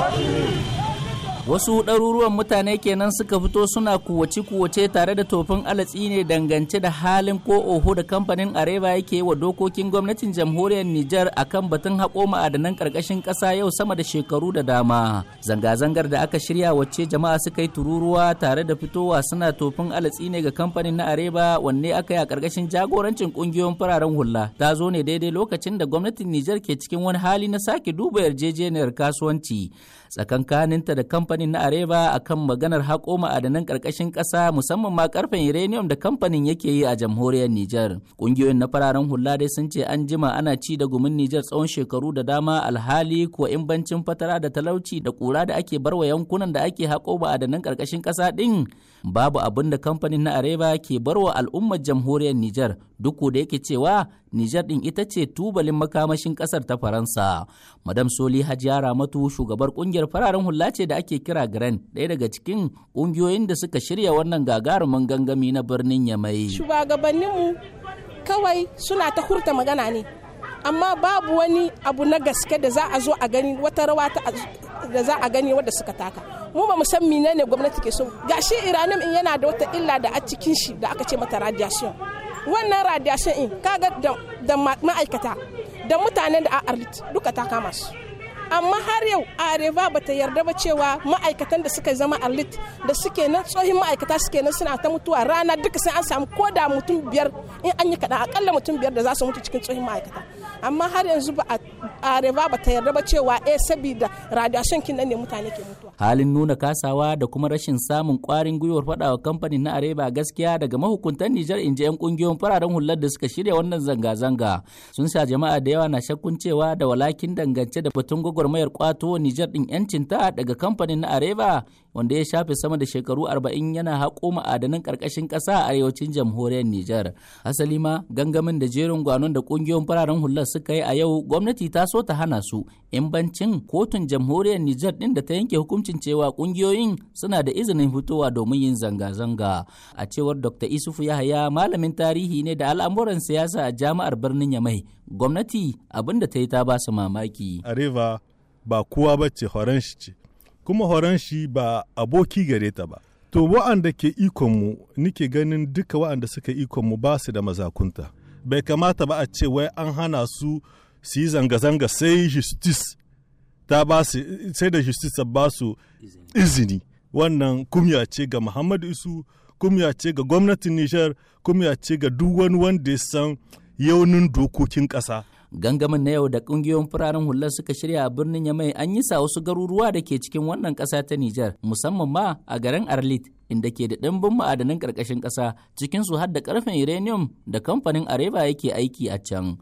What do you mean? wasu ɗaruruwan mutane kenan suka fito suna kuwace-kuwace tare da tofin alatsi ne dangance da halin ko oho da kamfanin areva yake wa dokokin gwamnatin jamhuriyar nijar kan batun haƙo ma'adanan ƙarƙashin ƙasa yau sama da shekaru da dama zanga-zangar da aka shirya wacce jama'a suka yi tururuwa tare da fitowa suna tofin alatsi ne ga kamfanin na areva wanne aka yi a ƙarƙashin jagorancin ƙungiyoyin fararen hula ta zo ne daidai lokacin da gwamnatin nijar ke cikin wani hali na sake duba yarjejeniyar kasuwanci tsakankaninta da kamfanin kamfanin na a akan maganar haƙo ma'adanan ƙarƙashin ƙasa musamman ma ƙarfen uranium da kamfanin yake yi a jamhuriyar Nijar. Ƙungiyoyin na fararen hula dai sun ce an jima ana ci da gumin Nijar tsawon shekaru da dama alhali ko in bancin fatara da talauci da ƙura da ake barwa yankunan da ake haƙo ma'adanan ƙarƙashin ƙasa ɗin babu abin da kamfanin na Areba ke barwa al'ummar jamhuriyar Nijar duk da yake cewa Nijar ɗin ita ce tubalin makamashin kasar ta Faransa. Madam Soli Hajiya Ramatu shugabar kungiyar fararen hula ce da ake kira Grand, ɗaya daga cikin ƙungiyoyin da suka shirya wannan gagarumin gangami na birnin Yamai. Shugabanninmu kawai suna ta hurta magana ne, amma babu wani abu na gaske da za a zo a gani wata rawa da za a gani wadda suka taka. mu ba mu san menene gwamnati ke so gashi in yana da wata illa da a cikin shi da aka ce mata radiation wannan radiation in kaga da ma'aikata da mutanen da a duka ta kama su amma har yau areva bata yarda ba cewa ma'aikatan da suka zama alit da suke nan tsohin ma'aikata suke nan suna ta mutuwa rana duka sai an samu ko da mutum biyar in an yi kaɗan akalla mutum biyar da za su mutu cikin tsohin ma'aikata amma har yanzu ba areva bata yarda ba cewa eh sabida radiation kin ne mutane ke mutuwa halin nuna kasawa da kuma rashin samun kwarin gwiwar faɗawa kamfanin na areva gaskiya daga mahukuntan Nijar inji yan kungiyoyin fararen hular da suka shirya wannan zanga-zanga sun sa jama'a da yawa na shakkun cewa da walakin dangance da batun gwagwarmayar kwato Nijar ɗin yancinta daga kamfanin na Areva wanda ya shafe sama da shekaru 40 yana haƙo ma'adanan ƙarƙashin ƙasa a arewacin jamhuriyar Nijar. Asali ma gangamin da jerin gwanon da ƙungiyoyin fararen hular suka yi a yau gwamnati ta so ta hana su in bancin kotun jamhuriyar Nijar ɗin da ta yanke hukuncin cewa ƙungiyoyin suna da izinin fitowa domin yin zanga-zanga. A cewar Dr. Isufu Yahaya malamin tarihi ne da al'amuran siyasa a jami'ar birnin Yamai gwamnati abin da ta yi ta ba su mamaki. Areva ba kowa ba ce horon ce kuma horon ba aboki gare ta ba to wa'anda ke ikonmu nike ganin duka wa'anda suka ikonmu ba su da mazakunta bai kamata ba a ce wai an hana su su yi zanga-zanga sai justice ta ba su sai da justice ta ba su izini wannan kumya ce ga muhammadu isu kumya ce ga gwamnatin nijar kumya ce ga duk wani wanda ya san yaunin dokokin ƙasa gangamin na yau da kungiyoyin fararen hular suka shirya a birnin yamai an yi sa wasu garuruwa da ke cikin wannan ƙasa ta nijar musamman ma a garin arlit inda ke da ɗimbin ma'adanan ƙarƙashin ƙasa cikinsu har da karfin uranium da kamfanin areva yake aiki a can